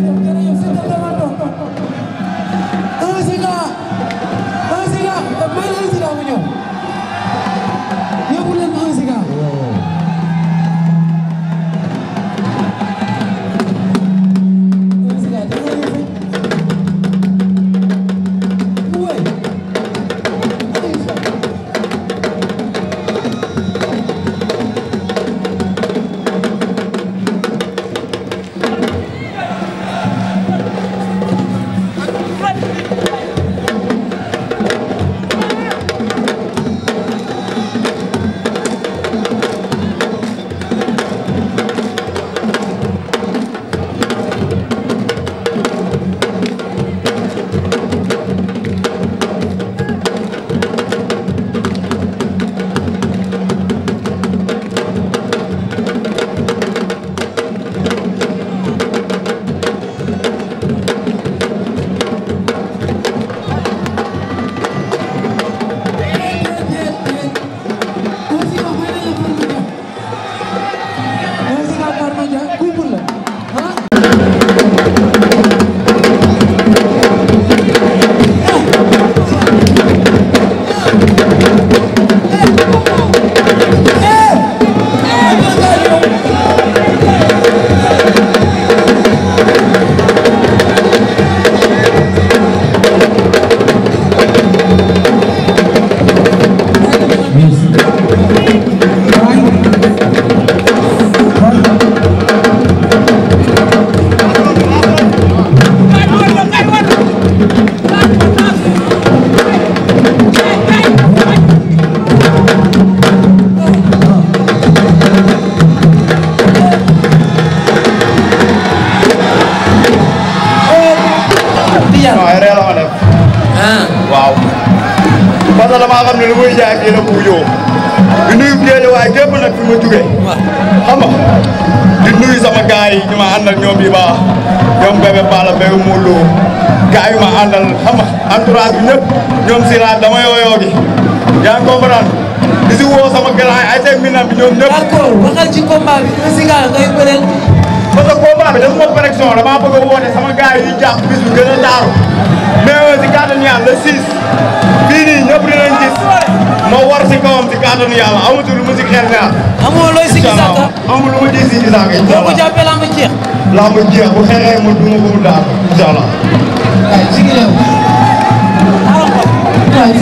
jërëjëf Diagne reer waaw reer ma def. waaw. parce que damaa xam ne lu muy jaay kii la ku ñëw. di nuyu géej waaye képp ma jugee. xam di nuyu sama gaay yi ma àndal ñoom bii baax ñoom bébé Balla bébé Mawlo gaay yu ma àndal xam nga entourage bi ñëpp ñoom si dama yooyoo gi yaa ngi comprendre di si woo sama gànnaay ay teg mi bi ñoom ñëpp. d'accord waxal ci combat bi nga si gaaw ngay bëreel. parce que combat bi dafa ma pression damaa bëgg a woote sama gars yi jàpp bis bi gën a taaru mais si kàttanu yàlla le 6 bii nii ñëpp dinañ gis ma war si kawam si kàttanu yàlla amatul lu ma si xel naa. amul si gisaaka amul lu si gisaaka incha allah boo ko jàppee lamb jeex. bu xeexee mu daal incha allah. waaw si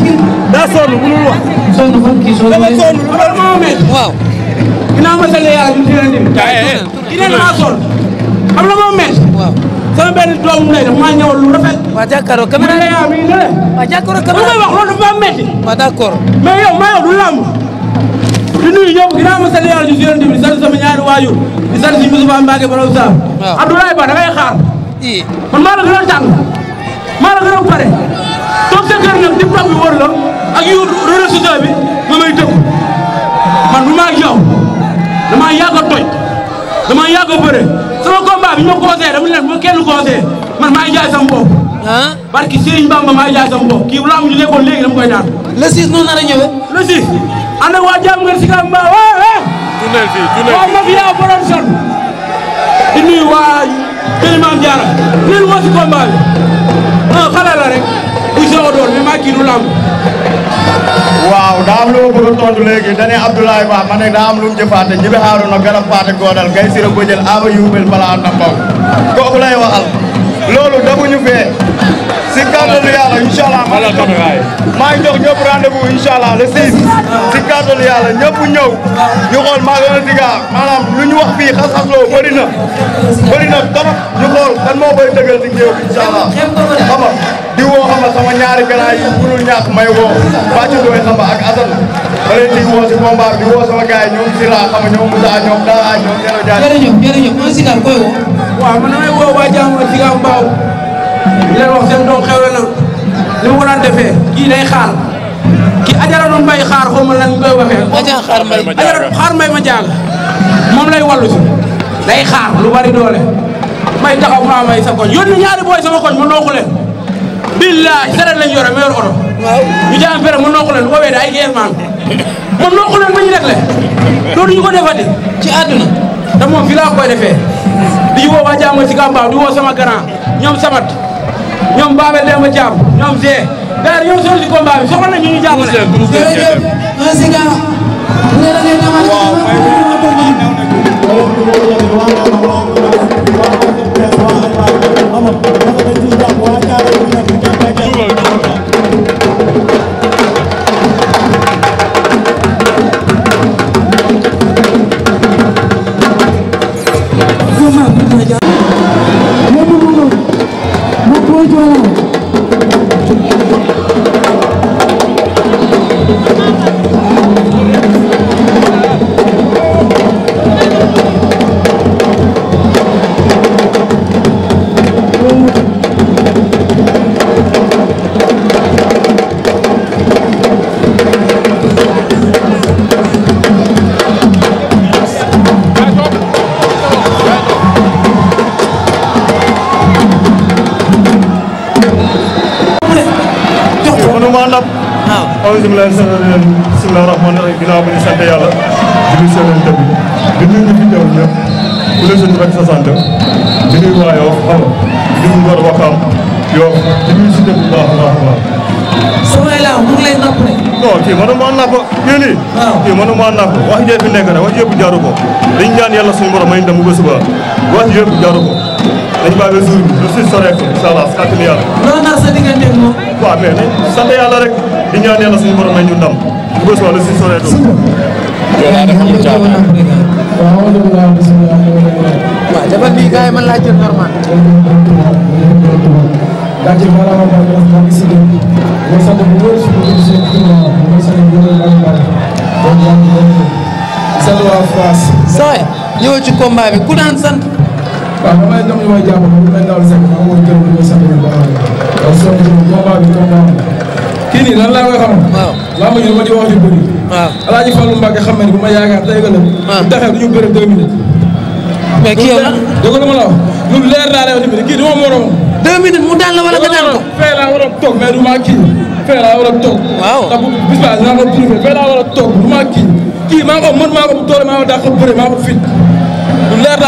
gi yow. daa sonn mënul wax. sonn fan kii sonn. dama sonn waaw. ginnaaw ma sële yàlla ñu dina dim. kii nee naa sol xam la moo métti. waaw sama maa ñëwal lu rafet. waaw jàkkaarloo caméra la yaa mi ngi lële. waaw jàkkaarloo caméra la wax loolu dafa maa métti. waaw d'accord mais yow maa yow du làmb. di nuyu ñëpp ginnaaw ma sële yàlla ñu dina dim di sant sama ñaari waajur di Ba da ngay xaar. man maa la gën a maa la gën a pare toog kër nag di pap bi wër la ak yu réseau bi nga may dëkk man bu ma ak yow damaa yàgg a toj damaa yàgg a bëre sama combat bi ñu ma conseillé dama leen ma kenn conseillé man maa jaay sama bopp. ah barki Serigne Bamba maa jaay sama bopp kii laa mujj nekkoon léegi dama koy daan. le 6 noonu la ñëwee. le 6 waa jàmm ngeen si kàmb waaw waaw. tunnel fii tunnel waaw ma fi yaa borom son di nuyu waa Kélimane Diarra di leen a door mais maa kii du lamb waaw daa am lu ma bëgg a tontu léegi dane Abdoulaye Ba ma ne daa am lu mu jëfaate jibe xaaruna garab faate goodal gay sira bëjël aba yuubel bala am na lay waxal loolu damuñu fee si kàttanu yàlla incha allah maa ngi jox ñëpp rendez-vous incha le 6 si kàttanu yàlla ñëpp ñëw ñu xool maa gën a diga lu ñu wax fii xas-xas loo bëri na bëri na kan moo koy dëggal si ñëw incha di woo xam ñaax may woo bàcci dooy xamba ak asan ba leen di si combat bi di sama gars yi ñoom Sira xama ñoom Moussa ñoom Dara ñoom Dero Dia jërëjëf wax seen doom li mu ko daan defee kii day xaar kii ajara nu ma lan koy waxee ajara xaar mbay ma jaaga moom lay wallu si xaar lu bari doole may taxaw may sa koñ yónni ñaari booy sama koñ ma nooxu billahi sareet lañ yore ma yor oto. waaw ñu jaam fere mu nokku leen bu ko weede ay gees maan ma nokku leen ma ñu def le loolu ñu ko defati ci àdduna te moom fi laa koy defee di woo waa jàmm ci Kambaaw di woo sama grand ñoom Samat ñoom Babel Demba Thiam ñoom Zé gars ñoom seen si combat bi soxla nañ ñu ñu jàppale. jërëjëf merci beaucoup. bisimilah bisimilah rahmaani rahiim ginnaaw bi ñu sant yàlla di nuyu seen tëb bi di nuyu ñu ku la suñu rek sa sant di nuyu waa Yoff Wakaam Yoff di si dëkk bu baax a baax a baax. samay laaw mu ngi lay napp rek. non kii mënu maa napp kii nii. waaw kii mënu maa napp wax jee fi nekk rek wax yëpp jaaru ko dañu ñaan yàlla suñu borom may dañu baaxee jour bi le 6 soreeku incha allah si kàttanu yàlla. loolu naa sa diggante ak moom. waaw mais nag sant yàlla ñu ndam bu ko soxla le 6 soreeku. yow daa def amul caaxaan. waaw dafa nii gars yi man laa jël normal. daa jël maanaam ak maanaam ci combat ku daan sant. waaw damay jox ñu may jàppale bu mel noonu sax maa ngi woon jërëm ñu sax ñu baax a baax. waaw combat bi combat bi. kii nii lan laa koy xamal. waaw laa ma jël ma ci wax ju bëri. waaw El Hadj Fallou Mbacke xam na ne bu ma yaakaar tey que ne. waaw bu taxee du ñu bëre deux minutes. mais kii yow la dëgg la ma la wax lu leer laa lay wax tamit kii du ma moroom. deux minutes mu daan la wala nga daan ko. fee laa war a toog mais du ma kii fee laa war a toog. waaw ndax bu bis baa dinaa ko trouvé fee laa war a toog du ma kii kii maa ko mën maa ko bu doole maa ko dàq bëre maa ko fit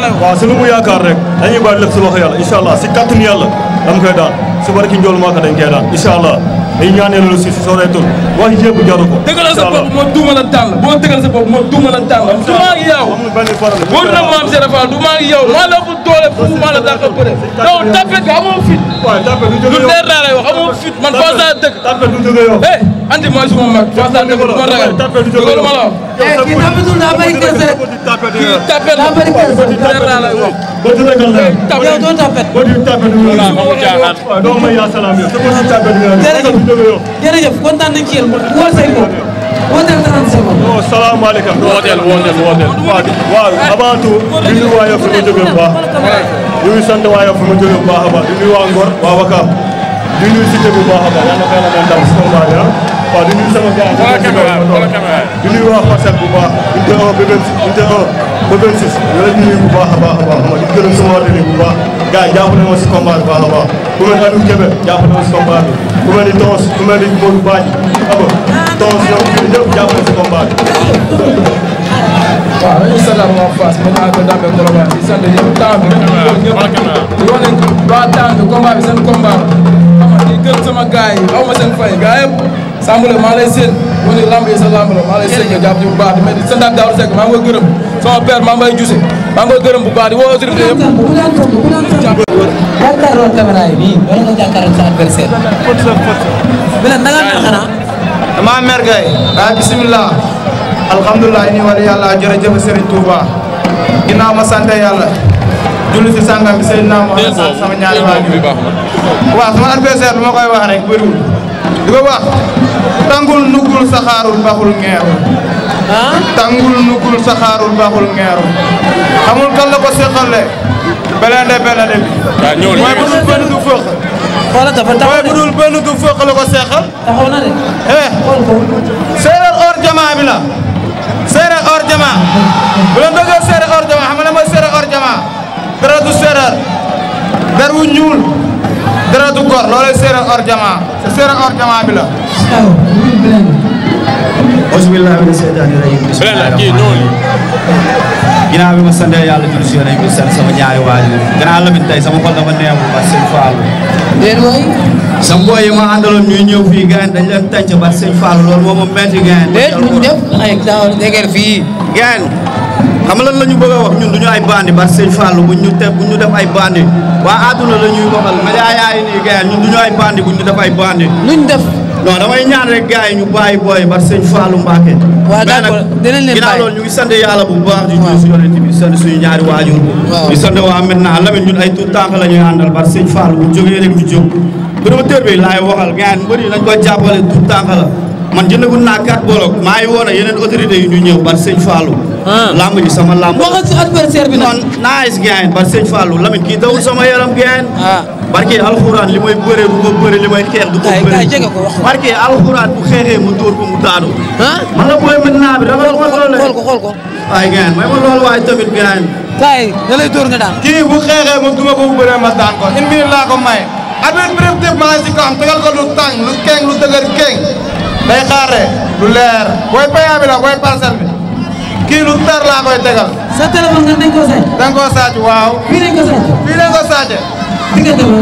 la waaw si lu mu yaakaar rek dañuy bàyyi lépp si loxo yàlla incha allah si kàttanu yàlla dama koy daan si barki njool maa ko daan incha allah dañu ñaanee loolu si si soo reetul wax jépp ko dëggalal sa bopp moo duuma la boo dëggal sa bopp moo maam Serapha du maa ngi yow maa la ëpp doole fu maa la dàq bëre yow tapet nga amoo fit lu leer laa lay wax fit man foo saa anti mooy suma mag. waxtaan bi ma ragal loolu ma la wax. Eh, kii tapetul daa bëri kese. kii tapet la bëri kese. leer naa la wax. yow doo tapet. jërëjëf jërëjëf kontaan nañ ci yéen wóor say ko wooteel 30 secondes. non salaamaaleykum. wooteel wooteel wooteel. waaw avant tout. di nuyu waa Yoff fi ma jógee bu baax. di nuyu sant waa Yoff fi ma jógee bu baax a baax di nuyu waa Ngor waa Wakaam di nuyu cité bu baax a baax yàlla na ko yàlla may ndam si combat bi waaw di nuyu sama gars. waa parcelle bu baax. unité 1 ba 26 unité 1 ba 26. ñu bu baax a baax a baax di gërëm sama atelier bu baax. gars yi jàpp nañu ma si combat bi a ni Aliou Kébé jàpp nañu ma si combat ni Tons ku ni Modou Badji xam ah nga Tons ñoom ñëpp jàpp nañu si combat bi. waaw dañuy waa Fass mën naa ko dàmbe Colobane di sant ñëpp temps bi ñëpp ñëpp di wax ne waa temps bi combat bi seen combat xam di gërëm sama gars yi aw fay Sambale maa lay séen mu ne lamb yi sa lamb la maa lay séen nga jàpp ci bu baax di di santaat Daouda Seck maa gërëm sama père maa ngi lay juse maa ngi koy gërëm bu baax di woo autorité yëpp. jàkkaarloo caméra yi bii wala nga jàkkaarloo sa adversaire. fóot sa fóot sa. bi nag da ngaa mer xanaa. damaa mer kay. waaye bisimilah. alhamdulilah ñu sant yàlla. julli si sangam bi Seydina Mouhamed Sall sama ñaari waajur sama adversaire lu ma koy wax rek bëriwul di tangul nugul saxaarul baxul ngeeru tangul nugul la ko seqale belende belende bi mooy mooy bu dul benn du la ko seqal taxaw na de eh séeréer or jama bi la séeréer or jama bu leen dogee séeréer or jama xam mooy séeréer or jama dara du séeréer ñuul dara du gor loolay séeréer or jama séeréer or jama bi la bismillah mina seytaani rajiim ginnaaw bi ma sant yàlla julli si yonent bi sant sama ñaari waajur gannaaw la mit tey sama xol dafa neex ba sëñ Fallou mooy sa mbooy yi ma àndaloon ñuy ñëw fii gayen dañ leen tànc ba sëñ Fallou loolu moo ma metti gayen def ay taw deger fii gayen xam lan la ñu bëgg a wax ñun duñu ay bandi ba sëñ Fallou buñ ñu def ay bandi waa àdduna la ñuy waxal média yaay nii gayen ñun duñu ay bandi buñ ñu def ay bandi luñ def non damay ñaan rek gars ñu bàyyi booy ba sëñ Fallou Mbacke. waaw d'accord dinañ leen bàyyi ginnaaw ñu ngi sant yàlla bu baax. di ñu suñu yonent bi sant suñu ñaari waajur. waaw di sant waa maintenant Lamine ñun ay tout temps la ñuy àndal ba sëñ Fallou bu jógee rek ñu jóg. promoteur bi laay waxal gars yi mbëri nañ ko jàppale tout man jëndagul naa quatre bolok maa ngi woon ak yeneen autorité yu ñu ñëw bar sëñ Fallou. Ah. lamb ji sama lamb. waxal si adversaire bi nag. nice gain bar sëñ Fallou Lamine kii dawul sama yaram gain. ah barke alxuraan li may bëree du ko bëree li may xeex du ko bëree. barke alxuraan bu xeexee mu dóor ko mu daanu. man la booy mën naa bi dama xool ko xool ko. waaye gain may ma loolu waaye tamit gain. kaay da lay dóor nga daan. kii bu xeexee moom du ma ko bu bëree ma daan ko une minute laa ko may. adversaire bi maa ngi si ko am tegal day xaare lu leer booy paya bi la booy parcelle bi kii lu leer sa téléphone nga dañ koo sàcc. dañ koo sàcc waaw. fii lañ ko sàcc. fii lañ ko sàcc. diggante ba.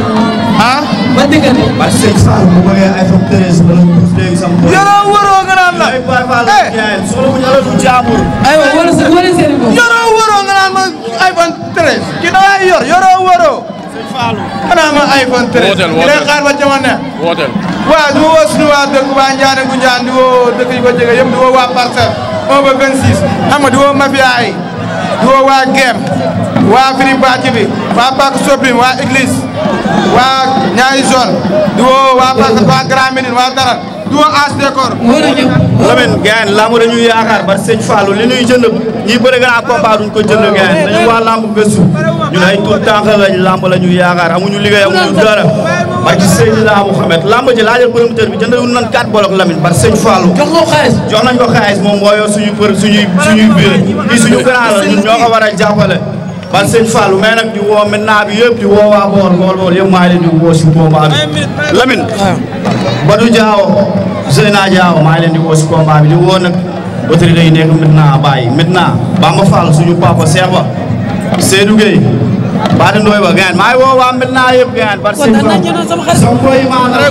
ah. ba diggante. nga naan la. eh soxla bu ñu alal du jaamur. aywa wala sa wala seen i bopp. nga naan ma iPhone 13. ki da ngay yor yoroo waroo. xanaa ma iPhone 13. wooteel wooteel leen di woo suñu waa dëkk waa Ndiané gu woo dëkk yu ko di woo waa Parcelles. 1 ba 26 di woo mafia di woo waa Gem waa Firi Bàcc bi waa Pàcc Sopim waa Église waa Niayes di woo waa Pàcc waa Grand waa Daral. duma as décor. Lamine gaay lamb dañuy yaakaar ba sëñ Fallou li ñuy jënd ñi bëri nga ak combat duñ ko jënd gaay dañu waa lamb gëstu ñun ay tout temps lañ lamb la ñuy yaakaar amuñu liggéey amuñu dara barki Seydina Mouhamed lamb ji laajal promoteur bi jëndal nan quatre bolok Lamine bar sëñ Fallou jox ko xaalis jox nañ suñu për suñuy suñuy biir kii suñu grand la ñoo ko war a le man sëñ Fallou di woo maintenant bi yëpp di woo waa boor boor boor yëpp maa leen di woo si combat bi Lamine Badou Diaw Zeyna Diaw maa ngi leen di woo si combat bi di woo nag autorité yi nekk maintenant bàyyi maintenant Bamba Fall suñu papa Cheikh Ba Seydou Gueye Bada Ndoye ba gaan maa ngi woo waa maintenant yëpp gaan parce que sama koy maa